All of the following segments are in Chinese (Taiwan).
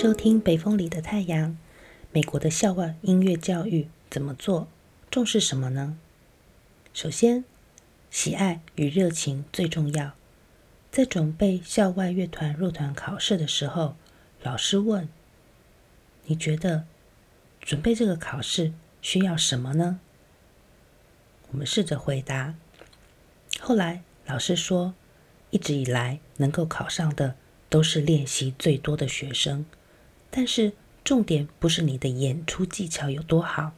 收聽北風裡的太陽。美國的校外音樂教育怎麼做？重視什麼呢？首先，喜愛與熱情最重要。在準備校外樂團入團考試的時候，老師問：“你覺得準備這個考試需要什麼呢？”我們試着回答。後來老師說：“一直以來，能夠考上的都是練習最多的學生。”但是重點不是你的演出技巧有多好，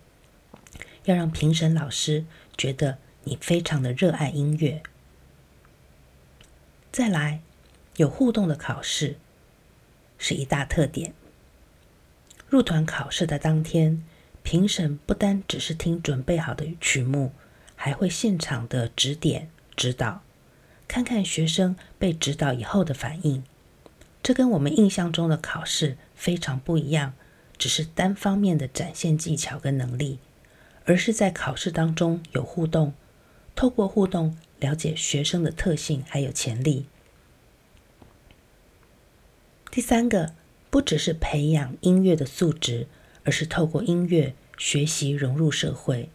要讓評審老師覺得你非常的熱愛音樂。再來，有互動的考試是一大特點。入團考試的當天，評審不單只是聽準備好的曲目，還會現場的指點指導，看看學生被指導以後的反應。這跟我們印象中的考試非常不一樣，只是單方面的展現技巧跟能力，而是在考試當中有互動，透過互動了解學生的特性還有潛力。第三個，不只是培養音樂的素質，而是透過音樂學習融入社會。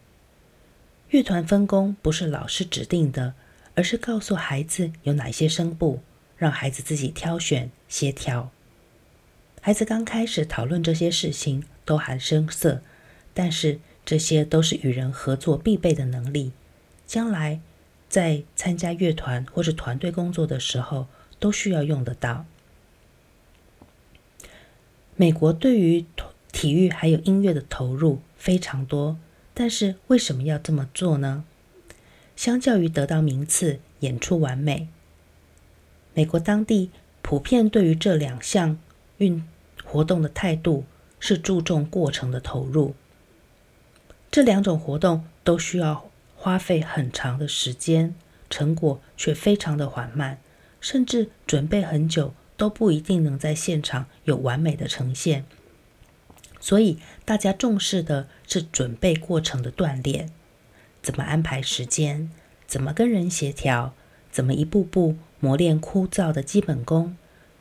樂團分工不是老師指定的，而是告訴孩子有哪些聲部。讓孩子自己挑選、協調。孩子剛開始討論這些事情都還生澀，但是這些都是與人合作必備的能力，將來在參加樂團或是團隊工作的時候都需要用得到。美國對於體育還有音樂的投入非常多，但是為什麼要這麼做呢？相較於得到名次、演出完美。美國當地普遍對於這兩項運活動的態度是注重過程的投入。這兩種活動都需要花費很長的時間，成果卻非常的緩慢，甚至準備很久都不一定能在現場有完美的呈現。所以大家重視的是準備過程的鍛鍊，怎麼安排時間，怎麼跟人協調，怎麼一步步。磨練枯燥的基本功，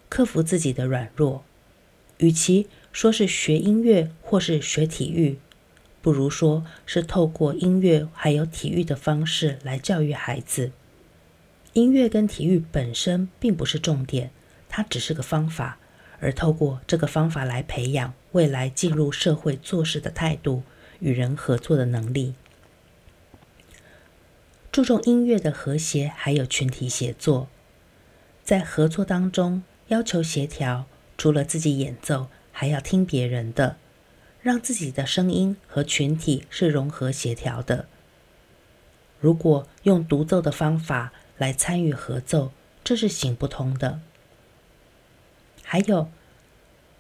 克服自己的軟弱。與其說是學音樂或是學體育，不如說是透過音樂還有體育的方式來教育孩子。音樂跟體育本身並不是重點，它只是個方法，而透過這個方法來培養未來進入社會做事的態度，與人合作的能力。注重音樂的和諧，還有群體協作。在合作當中，要求協調，除了自己演奏，還要聽別人的，讓自己的聲音和群體是融合協調的。如果用獨奏的方法來參與合奏，這是行不通的。還有，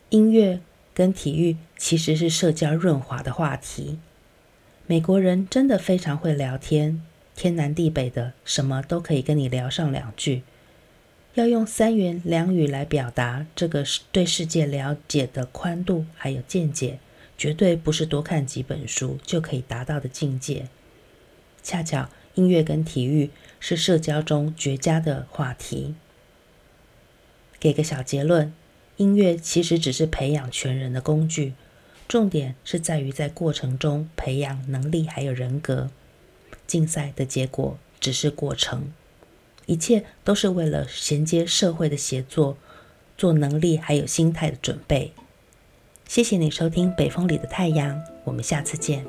音樂跟體育其實是社交潤滑的話題。美國人真的非常會聊天，天南地北的，什麼都可以跟你聊上兩句。要用三言兩語來表達這個對世界了解的寬度還有見解，絕對不是多看幾本書就可以達到的境界。恰巧音樂跟體育是社交中絕佳的話題。給個小結論：音樂其實只是培養全人的工具，重點是在於在過程中培養能力還有人格。競賽的結果只是過程。一切都是為了銜接社會的協作，做能力還有心態的準備。謝謝你收聽《北風裡的太陽》，我們下次見。